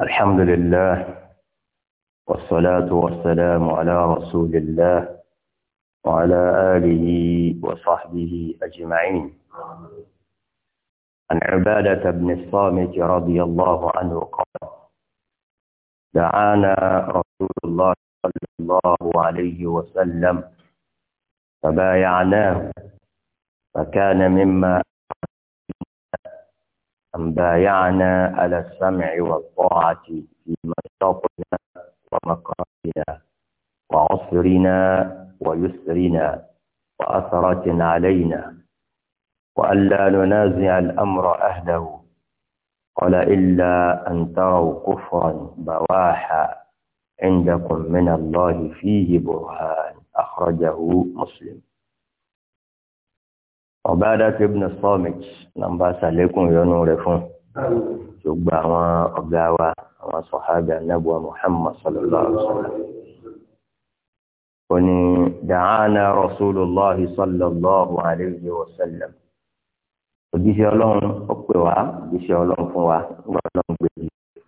الحمد لله والصلاة والسلام على رسول الله وعلى آله وصحبه أجمعين عن عبادة بن الصامت رضي الله عنه قال دعانا رسول الله صلى الله عليه وسلم فبايعناه فكان مما أن بايعنا على السمع والطاعة في مشاطنا ومقامنا وعسرنا ويسرنا وأثرة علينا وألا ننازع الأمر أهله ولا إلا أن تروا كفرا بواحا عندكم من الله فيه برهان أخرجه مسلم Ubadah ibn Samit nàmbà sàlékún ìyọnu rẹ̀ fún ṣùgbọ́n àwọn ọ̀gá wa àwọn sọ̀hábà nàbùwà Muhammad sallallahu alaihi wasallam. Oni da'ana Rasulullah sallallahu alaihi wasallam. Òjíṣẹ́ ọlọ́run ó pè wá, òjíṣẹ́ ọlọ́run fún wa, nígbà ọlọ́run gbé yìí. E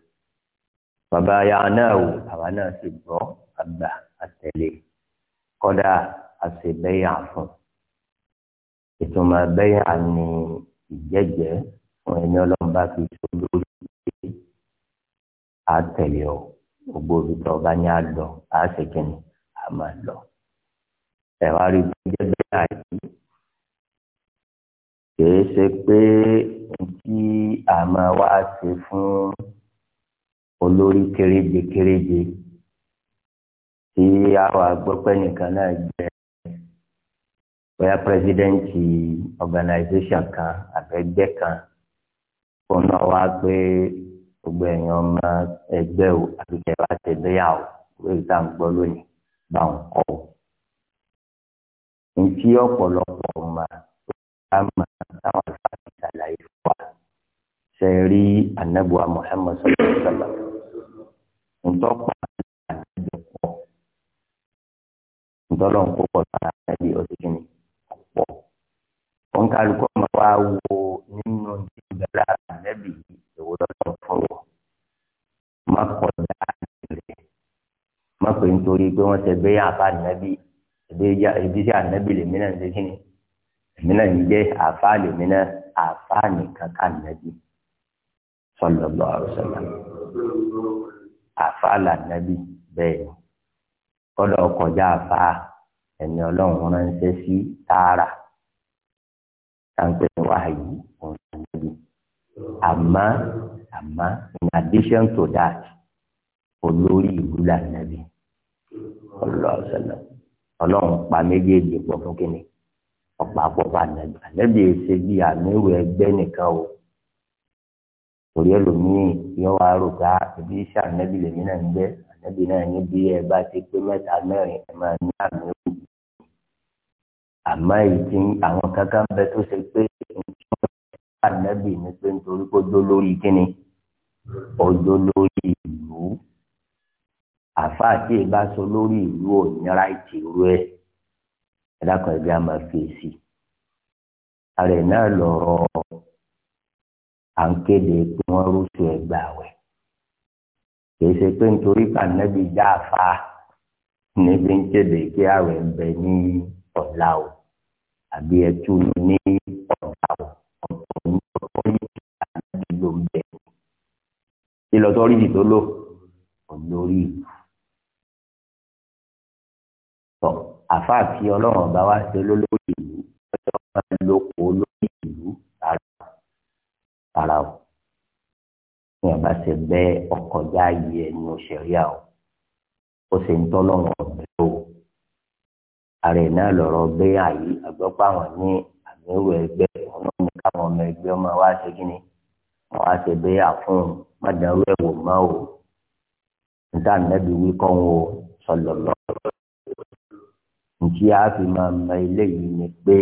Bàbá ya náà wò, àwa náà sì gbọ́ àgbà àtẹ̀lé. Kọ́dà àṣẹ̀bẹ́yà fún un ìtumọ̀ abẹ́yà ni ìjẹ́jẹ́ fún ẹni ọlọ́run bá fi ṣojú lórí àtẹ̀lé gbogbo olùtọ́ bá ní àlọ́ àṣekínni a máa lọ. ẹ̀wá rí ìjẹ́ bẹ́ẹ̀ àìsí kìí ṣe pé tí a máa wá ṣe fún olórí kéréje kéréje tí a wà gbọ́ nìkan náà jẹ́ bóyá pírẹsidẹ́ǹtì organisation kan àbẹ́gbẹ́ kan kó ná wá pé gbogbo ẹ̀yàn ọmọ ẹgbẹ́ o àbíkẹ́ wa ti léyà o wíwí tá à ń gbọ́ lónìí bá ń kọ́ o. Ntí ọ̀pọ̀lọpọ̀ mà á mà táwọn àlùfáà ṣàlàyé fún wa. Ṣé rí ànábùwà Mùhàmmad sọ̀rọ̀ sọ̀rọ̀? Ntọ́pọ̀ àti àdébẹ̀pọ̀. Ntọ́lọ́ ń kó pọ̀ sára ẹbí ọdún kìíní pọ̀ wọn kálukọ́ ma wá wo nínú ìgbàlá ànábì èwo lọ́tọ̀ fún wọn má pọ̀ dáadé má pè nítorí pé wọ́n ṣe bẹ́yà àfa ànábì ìdí sí ànábì lèmi náà ṣe kíni èmi náà ń jẹ́ àfa lèmi náà àfa nìkan ká ànábì sallallahu alaihi wasallam àfa làǹnábì bẹ́ẹ̀ kọ́dọ̀ kọjá àfa ẹni ọlọ́run ránṣẹ́ sí tààrà táǹpẹ́ wáyé òun níbi àmọ́ àmọ́ in addition to that olórí ìlú làǹdàbí ọlọ́ọ̀sẹ̀lẹ̀ ọlọ́run pa méjèèjì pọ̀ fún kínní ọ̀pá pọ̀ fún àǹdàbí àǹdàbí ṣe bí àmẹ́wò ẹgbẹ́ nìkan o torí ẹlòmíì yóò wá rò ká ah, ibi iṣẹ́ àǹdàbí lèmi náà ń gbé àǹdàbí náà ní bí ẹ bá ti pé mẹ́ta mẹ́rin ẹ máa ní àmì àmọ́ ìdí àwọn kankan bẹ tó ṣe pé ànábì ni pé nítorí kó dó lórí kíni ọjọ́ lórí ìlú àfáà tí ì bá sọ lórí ìlú ò ní ráìtì ẹ ẹ ẹgbẹ́ a máa fèsì ààrẹ náà lọ́rọ̀ à ń kéde pé wọ́n rúṣu ẹgbà wẹ̀ kìí ṣe pé nítorí pé ànábì já àfáà níbi ń kéde pé ààrẹ ń bẹ ní ọ̀la o àbí ẹ tún ní ọ̀la o ọ̀pọ̀ ní ọ̀pọ̀ ní ìlànà ìlò ń bẹ̀. ìlọsọrí ìdí tó lò olórí ìlú. tọ́ àfáà ọlọ́run ọba wa ṣe olólórí ìlú ọjọ́ máa ń lo kó olórí ìlú rárá o. ní ọba ṣe bẹ́ẹ̀ ọkọjá yìí ẹni òṣèré àwọn ó ṣe ń tọ́lọ́run ọ̀bẹ ààrẹ náà lọ̀rọ̀ gbé àyè àgbọ́pọ̀ àwọn ní àmírù ẹgbẹ́ ọlọ́run káwọn ọmọ ẹgbẹ́ ọmọ wa ṣe kí ni wọ́n á ṣe bẹ́ẹ̀ àfún mọ́dàrú ẹ̀wò mọ́ o níta nẹ́bi wí kọ́ wọn o sọlọ lọ. nítí a fi máa mọ eléyìí ni pé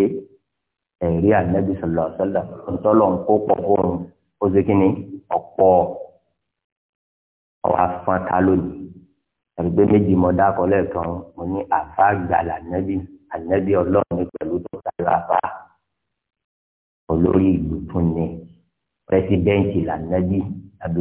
ẹ̀rí ànẹ́bi sọlọ sọlọ ntọ́lọ̀ ń kó pọ̀ fóun ó ṣe kí ni ọ̀pọ̀ ọ̀wá fún ata lónìí àgbẹ̀ méjì mọ̀ dákọ̀ lẹ́ẹ̀kan mo ní àfa gbàlà nẹ́bí ànẹ́bí ọlọ́run ní pẹ̀lú tó tayọ àfa olórí ìlú tún ni pẹ́sidẹ́ǹtì lànẹ́bí àbí